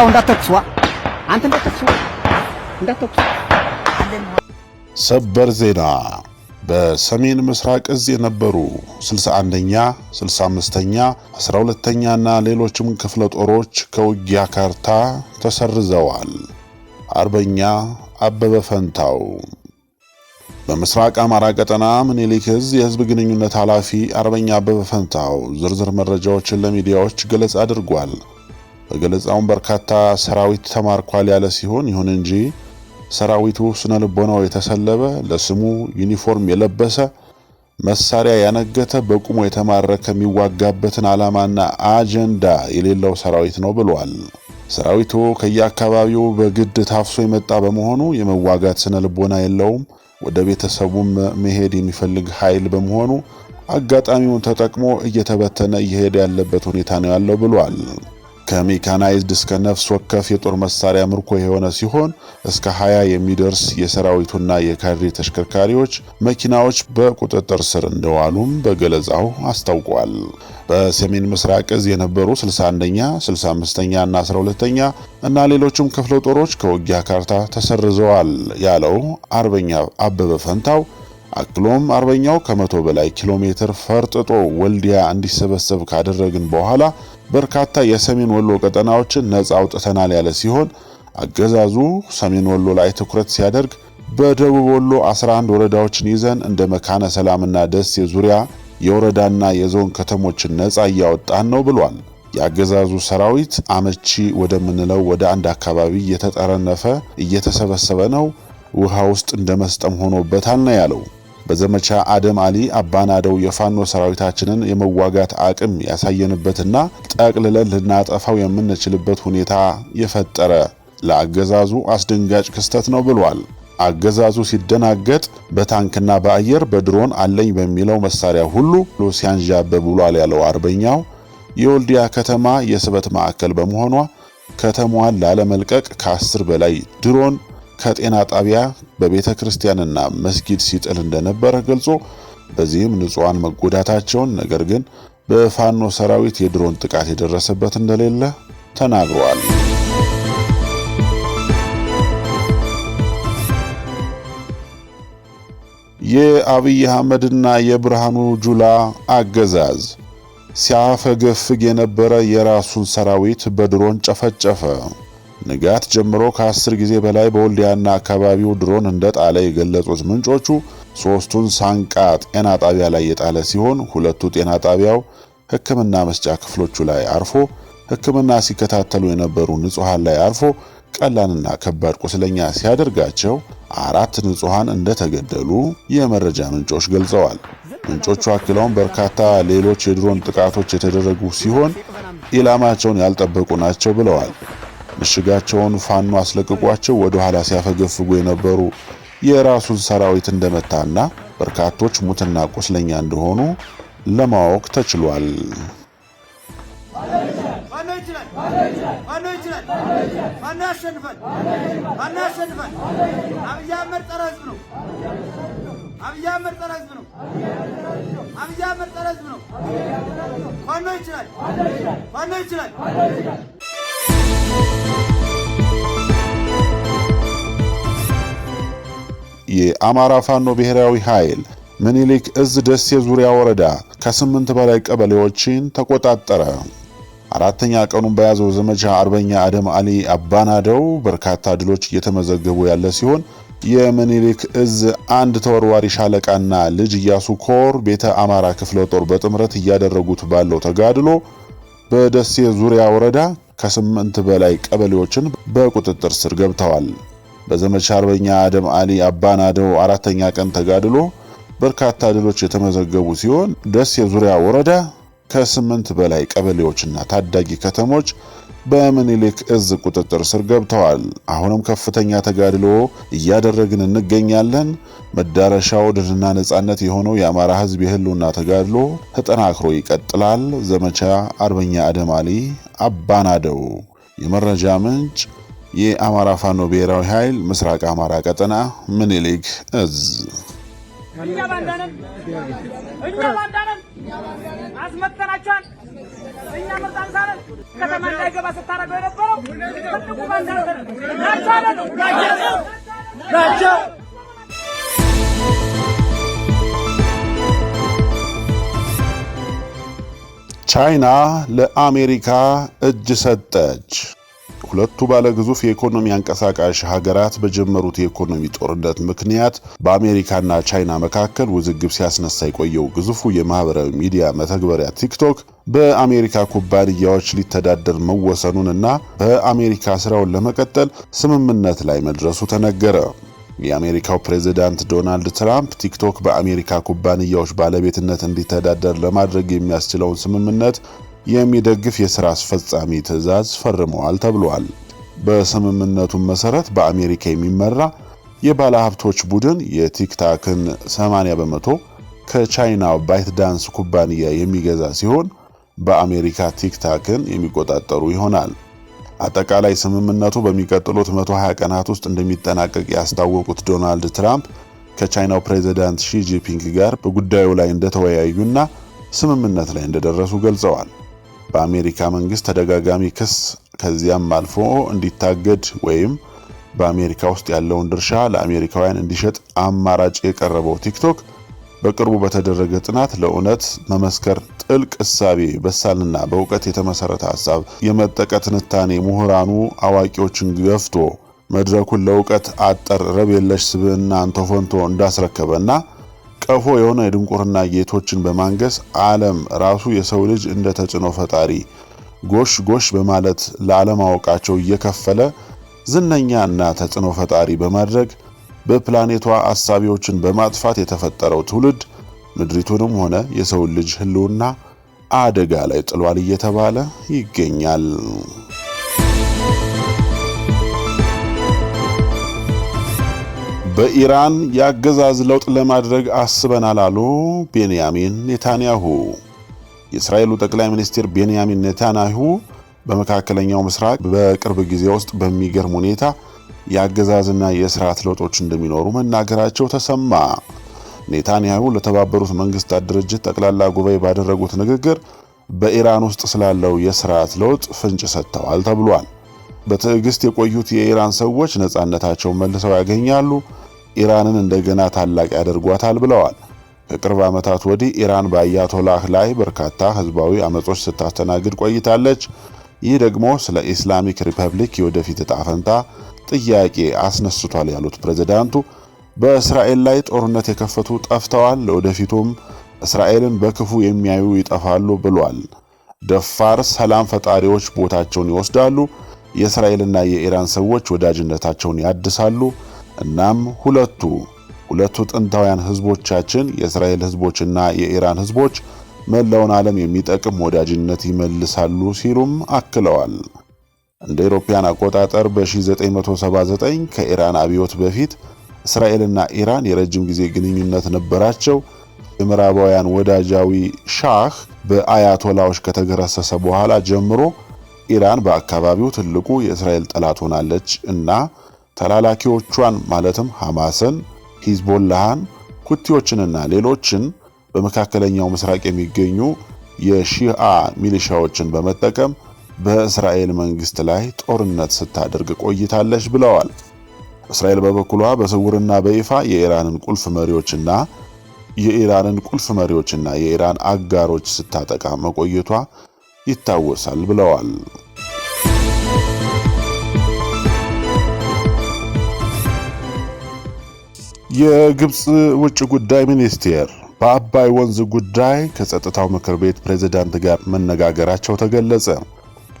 ተው አንተ ሰበር ዜና በሰሜን ምስራቅ እዝ የነበሩ 61ኛ፣ 65ኛ፣ 12ኛ እና ሌሎችም ክፍለ ጦሮች ከውጊያ ካርታ ተሰርዘዋል። አርበኛ አበበ ፈንታው በምስራቅ አማራ ቀጠና ምኒልክ እዝ የህዝብ ግንኙነት ኃላፊ አርበኛ አበበ ፈንታው ዝርዝር መረጃዎችን ለሚዲያዎች ገለጽ አድርጓል። በገለጻውም በርካታ ሰራዊት ተማርኳል ያለ ሲሆን ይሁን እንጂ ሰራዊቱ ስነ ልቦናው የተሰለበ ለስሙ ዩኒፎርም የለበሰ መሳሪያ ያነገተ በቁሞ የተማረከ የሚዋጋበትን ዓላማና አጀንዳ የሌለው ሰራዊት ነው ብሏል። ሰራዊቱ ከየአካባቢው በግድ ታፍሶ የመጣ በመሆኑ የመዋጋት ስነ ልቦና የለውም። ወደ ቤተሰቡም መሄድ የሚፈልግ ኃይል በመሆኑ አጋጣሚውን ተጠቅሞ እየተበተነ እየሄደ ያለበት ሁኔታ ነው ያለው ብሏል። ከሜካናይዝድ እስከ ነፍስ ወከፍ የጦር መሳሪያ ምርኮ የሆነ ሲሆን እስከ 20 የሚደርስ የሰራዊቱና የካድሬ ተሽከርካሪዎች፣ መኪናዎች በቁጥጥር ስር እንደዋሉም በገለጻው አስታውቋል። በሰሜን ምስራቅ እዝ የነበሩ 61ኛ፣ 65ኛ እና 12ኛ እና ሌሎችም ክፍለ ጦሮች ከውጊያ ካርታ ተሰርዘዋል ያለው አርበኛ አበበ ፈንታው አክሎም አርበኛው ከመቶ በላይ ኪሎ ሜትር ፈርጥጦ ወልዲያ እንዲሰበሰብ ካደረግን በኋላ በርካታ የሰሜን ወሎ ቀጠናዎችን ነፃ አውጥተናል ያለ ሲሆን አገዛዙ ሰሜን ወሎ ላይ ትኩረት ሲያደርግ በደቡብ ወሎ 11 ወረዳዎችን ይዘን እንደ መካነ ሰላምና ደሴ ዙሪያ የወረዳና የዞን ከተሞችን ነፃ እያወጣን ነው ብሏል። የአገዛዙ ሰራዊት አመቺ ወደምንለው ወደ አንድ አካባቢ እየተጠረነፈ እየተሰበሰበ ነው፣ ውሃ ውስጥ እንደ መስጠም ሆኖበታል ነው ያለው። በዘመቻ አደም አሊ አባናደው የፋኖ ሰራዊታችንን የመዋጋት አቅም ያሳየንበትና ጠቅልለን ልናጠፋው የምንችልበት ሁኔታ የፈጠረ ለአገዛዙ አስደንጋጭ ክስተት ነው ብሏል። አገዛዙ ሲደናገጥ በታንክና በአየር በድሮን አለኝ በሚለው መሳሪያ ሁሉ ሲያንዣበብ ብሏል ያለው አርበኛው የወልዲያ ከተማ የስበት ማዕከል በመሆኗ ከተማዋን ላለመልቀቅ ከአስር በላይ ድሮን ከጤና ጣቢያ በቤተ ክርስቲያንና መስጊድ ሲጥል እንደነበረ ገልጾ በዚህም ንጹሐን መጎዳታቸውን ነገር ግን በፋኖ ሰራዊት የድሮን ጥቃት የደረሰበት እንደሌለ ተናግረዋል። የአብይ አህመድና የብርሃኑ ጁላ አገዛዝ ሲያፈገፍግ የነበረ የራሱን ሰራዊት በድሮን ጨፈጨፈ። ንጋት ጀምሮ ከአስር ጊዜ በላይ በወልዲያና አካባቢው ድሮን እንደጣለ የገለጹት ምንጮቹ ሶስቱን ሳንቃ ጤና ጣቢያ ላይ የጣለ ሲሆን ሁለቱ ጤና ጣቢያው ሕክምና መስጫ ክፍሎቹ ላይ አርፎ ሕክምና ሲከታተሉ የነበሩ ንጹሐን ላይ አርፎ ቀላልና ከባድ ቁስለኛ ሲያደርጋቸው አራት ንጹሐን እንደተገደሉ የመረጃ ምንጮች ገልጸዋል። ምንጮቹ አክለውም በርካታ ሌሎች የድሮን ጥቃቶች የተደረጉ ሲሆን ኢላማቸውን ያልጠበቁ ናቸው ብለዋል። ምሽጋቸውን ፋኖ አስለቅቋቸው ወደ ኋላ ሲያፈገፍጉ የነበሩ የራሱን ሰራዊት እንደመታና በርካቶች ሙትና ቁስለኛ እንደሆኑ ለማወቅ ተችሏል። አብይ አህመድ ነው። ነው። ፋኖ ይችላል። ፋኖ ይችላል። የአማራ ፋኖ ብሔራዊ ኃይል ምኒልክ እዝ ደሴ ዙሪያ ወረዳ ከስምንት በላይ ቀበሌዎችን ተቆጣጠረ። አራተኛ ቀኑን በያዘው ዘመቻ አርበኛ አደም አሊ አባናደው በርካታ ድሎች እየተመዘገቡ ያለ ሲሆን የምኒልክ እዝ አንድ ተወርዋሪ ሻለቃና ልጅ እያሱ ኮር ቤተ አማራ ክፍለ ጦር በጥምረት እያደረጉት ባለው ተጋድሎ በደሴ ዙሪያ ወረዳ ከስምንት በላይ ቀበሌዎችን በቁጥጥር ስር ገብተዋል። በዘመቻ አርበኛ አደም አሊ አባናደው አራተኛ ቀን ተጋድሎ በርካታ ድሎች የተመዘገቡ ሲሆን ደሴ ዙሪያ ወረዳ ከስምንት በላይ ቀበሌዎችና ታዳጊ ከተሞች በምኒልክ እዝ ቁጥጥር ስር ገብተዋል። አሁንም ከፍተኛ ተጋድሎ እያደረግን እንገኛለን። መዳረሻው ድልና ነጻነት የሆነው የአማራ ህዝብ የህልውና ተጋድሎ ተጠናክሮ ይቀጥላል። ዘመቻ አርበኛ አደማሊ አባናደው። የመረጃ ምንጭ የአማራ ፋኖ ብሔራዊ ኃይል ምስራቅ አማራ ቀጠና ምኒልክ እዝ። እኛ ባንዳነን እኛ ባንዳነን አስመጥተናቸዋል። እኛ ምርጥ ከተማ እንዳይገባ ስታደርገው የነበረው ትልቁ ባንዳንተ ናቸው ናቸው። ቻይና ለአሜሪካ እጅ ሰጠች። ሁለቱ ባለግዙፍ የኢኮኖሚ አንቀሳቃሽ ሀገራት በጀመሩት የኢኮኖሚ ጦርነት ምክንያት በአሜሪካና ቻይና መካከል ውዝግብ ሲያስነሳ የቆየው ግዙፉ የማህበራዊ ሚዲያ መተግበሪያ ቲክቶክ በአሜሪካ ኩባንያዎች ሊተዳደር መወሰኑንና በአሜሪካ ስራውን ለመቀጠል ስምምነት ላይ መድረሱ ተነገረ። የአሜሪካው ፕሬዝዳንት ዶናልድ ትራምፕ ቲክቶክ በአሜሪካ ኩባንያዎች ባለቤትነት እንዲተዳደር ለማድረግ የሚያስችለውን ስምምነት የሚደግፍ የሥራ አስፈጻሚ ትዕዛዝ ፈርመዋል ተብሏል። በስምምነቱ መሰረት በአሜሪካ የሚመራ የባለሀብቶች ቡድን የቲክታክን 80 በመቶ ከቻይና ባይት ዳንስ ኩባንያ የሚገዛ ሲሆን በአሜሪካ ቲክታክን የሚቆጣጠሩ ይሆናል። አጠቃላይ ስምምነቱ በሚቀጥሉት 120 ቀናት ውስጥ እንደሚጠናቀቅ ያስታወቁት ዶናልድ ትራምፕ ከቻይናው ፕሬዚዳንት ሺጂፒንግ ጋር በጉዳዩ ላይ እንደተወያዩና ስምምነት ላይ እንደደረሱ ገልጸዋል። በአሜሪካ መንግስት ተደጋጋሚ ክስ ከዚያም አልፎ እንዲታገድ ወይም በአሜሪካ ውስጥ ያለውን ድርሻ ለአሜሪካውያን እንዲሸጥ አማራጭ የቀረበው ቲክቶክ በቅርቡ በተደረገ ጥናት ለእውነት መመስከር ጥልቅ እሳቤ፣ በሳልና በእውቀት የተመሰረተ ሀሳብ የመጠቀ ትንታኔ ምሁራኑ አዋቂዎችን ገፍቶ መድረኩን ለእውቀት አጠር ረብ የለሽ ስብዕና አንቶፎንቶ እንዳስረከበና ቀፎ የሆነ የድንቁርና ጌቶችን በማንገስ ዓለም ራሱ የሰው ልጅ እንደ ተጽዕኖ ፈጣሪ ጎሽ ጎሽ በማለት ላለማወቃቸው እየከፈለ ዝነኛ እና ተጽዕኖ ፈጣሪ በማድረግ በፕላኔቷ አሳቢዎችን በማጥፋት የተፈጠረው ትውልድ ምድሪቱንም ሆነ የሰውን ልጅ ሕልውና አደጋ ላይ ጥሏል እየተባለ ይገኛል። በኢራን የአገዛዝ ለውጥ ለማድረግ አስበናል አሉ ቤንያሚን ኔታንያሁ። የእስራኤሉ ጠቅላይ ሚኒስትር ቤንያሚን ኔታንያሁ በመካከለኛው ምስራቅ በቅርብ ጊዜ ውስጥ በሚገርም ሁኔታ የአገዛዝና የስርዓት ለውጦች እንደሚኖሩ መናገራቸው ተሰማ። ኔታንያሁ ለተባበሩት መንግስታት ድርጅት ጠቅላላ ጉባኤ ባደረጉት ንግግር በኢራን ውስጥ ስላለው የስርዓት ለውጥ ፍንጭ ሰጥተዋል ተብሏል። በትዕግስት የቆዩት የኢራን ሰዎች ነጻነታቸውን መልሰው ያገኛሉ፣ ኢራንን እንደገና ታላቅ ያደርጓታል ብለዋል። ከቅርብ ዓመታት ወዲህ ኢራን በአያቶላህ ላይ በርካታ ህዝባዊ አመጾች ስታስተናግድ ቆይታለች። ይህ ደግሞ ስለ ኢስላሚክ ሪፐብሊክ የወደፊት እጣ ፈንታ ጥያቄ አስነስቷል ያሉት ፕሬዝዳንቱ በእስራኤል ላይ ጦርነት የከፈቱ ጠፍተዋል፣ ለወደፊቱም እስራኤልን በክፉ የሚያዩ ይጠፋሉ ብሏል። ደፋር ሰላም ፈጣሪዎች ቦታቸውን ይወስዳሉ፣ የእስራኤልና የኢራን ሰዎች ወዳጅነታቸውን ያድሳሉ እናም ሁለቱ ሁለቱ ጥንታውያን ህዝቦቻችን የእስራኤል ህዝቦችና የኢራን ህዝቦች መላውን ዓለም የሚጠቅም ወዳጅነት ይመልሳሉ ሲሉም አክለዋል። እንደ ኢሮፓያን አቆጣጠር በ1979 ከኢራን አብዮት በፊት እስራኤልና ኢራን የረጅም ጊዜ ግንኙነት ነበራቸው። የምዕራባውያን ወዳጃዊ ሻህ በአያቶላዎች ከተገረሰሰ በኋላ ጀምሮ ኢራን በአካባቢው ትልቁ የእስራኤል ጠላት ሆናለች እና ተላላኪዎቿን ማለትም ሐማስን፣ ሂዝቦላሃን፣ ኩቲዎችንና ሌሎችን በመካከለኛው ምስራቅ የሚገኙ የሺአ ሚሊሻዎችን በመጠቀም በእስራኤል መንግስት ላይ ጦርነት ስታደርግ ቆይታለች ብለዋል። እስራኤል በበኩሏ በስውርና በይፋ የኢራንን ቁልፍ መሪዎችና የኢራንን ቁልፍ መሪዎችና የኢራን አጋሮች ስታጠቃ መቆየቷ ይታወሳል ብለዋል። የግብፅ ውጭ ጉዳይ ሚኒስቴር በአባይ ወንዝ ጉዳይ ከጸጥታው ምክር ቤት ፕሬዝዳንት ጋር መነጋገራቸው ተገለጸ።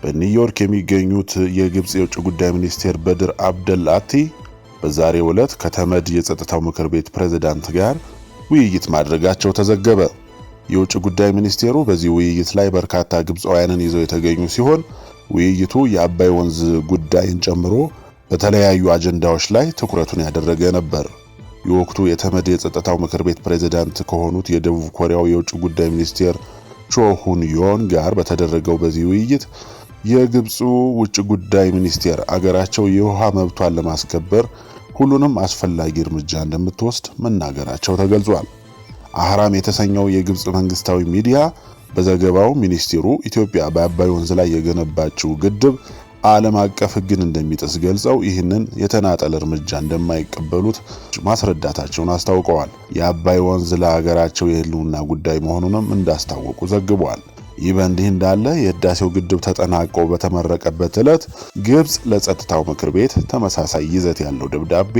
በኒውዮርክ የሚገኙት የግብፅ የውጭ ጉዳይ ሚኒስቴር በድር አብደል አቲ በዛሬው ዕለት ከተመድ የጸጥታው ምክር ቤት ፕሬዝዳንት ጋር ውይይት ማድረጋቸው ተዘገበ። የውጭ ጉዳይ ሚኒስቴሩ በዚህ ውይይት ላይ በርካታ ግብፃውያንን ይዘው የተገኙ ሲሆን ውይይቱ የአባይ ወንዝ ጉዳይን ጨምሮ በተለያዩ አጀንዳዎች ላይ ትኩረቱን ያደረገ ነበር። የወቅቱ የተመድ የጸጥታው ምክር ቤት ፕሬዝዳንት ከሆኑት የደቡብ ኮሪያው የውጭ ጉዳይ ሚኒስቴር ቾሁን ዮን ጋር በተደረገው በዚህ ውይይት የግብፁ ውጭ ጉዳይ ሚኒስቴር አገራቸው የውሃ መብቷን ለማስከበር ሁሉንም አስፈላጊ እርምጃ እንደምትወስድ መናገራቸው ተገልጿል። አህራም የተሰኘው የግብፅ መንግስታዊ ሚዲያ በዘገባው ሚኒስቴሩ ኢትዮጵያ በአባይ ወንዝ ላይ የገነባችው ግድብ ዓለም አቀፍ ሕግን እንደሚጥስ ገልጸው ይህንን የተናጠል እርምጃ እንደማይቀበሉት ማስረዳታቸውን አስታውቀዋል። የአባይ ወንዝ ለሀገራቸው የህልውና ጉዳይ መሆኑንም እንዳስታወቁ ዘግቧል። ይህ በእንዲህ እንዳለ የህዳሴው ግድብ ተጠናቆ በተመረቀበት ዕለት ግብፅ ለጸጥታው ምክር ቤት ተመሳሳይ ይዘት ያለው ደብዳቤ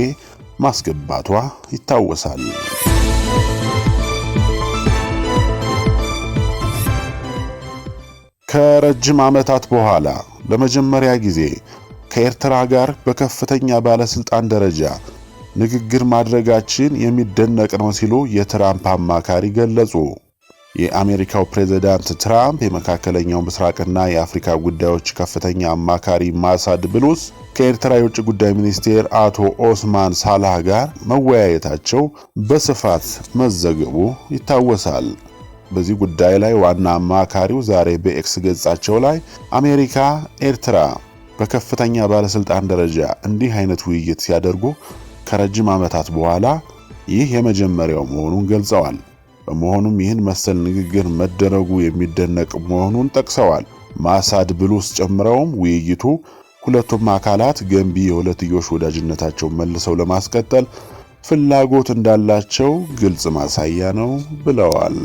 ማስገባቷ ይታወሳል። ከረጅም ዓመታት በኋላ ለመጀመሪያ ጊዜ ከኤርትራ ጋር በከፍተኛ ባለስልጣን ደረጃ ንግግር ማድረጋችን የሚደነቅ ነው ሲሉ የትራምፕ አማካሪ ገለጹ። የአሜሪካው ፕሬዝዳንት ትራምፕ የመካከለኛው ምስራቅና የአፍሪካ ጉዳዮች ከፍተኛ አማካሪ ማሳድ ብሉስ ከኤርትራ የውጭ ጉዳይ ሚኒስቴር አቶ ኦስማን ሳላህ ጋር መወያየታቸው በስፋት መዘገቡ ይታወሳል። በዚህ ጉዳይ ላይ ዋና አማካሪው ዛሬ በኤክስ ገጻቸው ላይ አሜሪካ ኤርትራ በከፍተኛ ባለስልጣን ደረጃ እንዲህ አይነት ውይይት ሲያደርጉ ከረጅም ዓመታት በኋላ ይህ የመጀመሪያው መሆኑን ገልጸዋል። በመሆኑም ይህን መሰል ንግግር መደረጉ የሚደነቅ መሆኑን ጠቅሰዋል። ማሳድ ብሉስ ጨምረውም ውይይቱ ሁለቱም አካላት ገንቢ የሁለትዮሽ ወዳጅነታቸውን መልሰው ለማስቀጠል ፍላጎት እንዳላቸው ግልጽ ማሳያ ነው ብለዋል።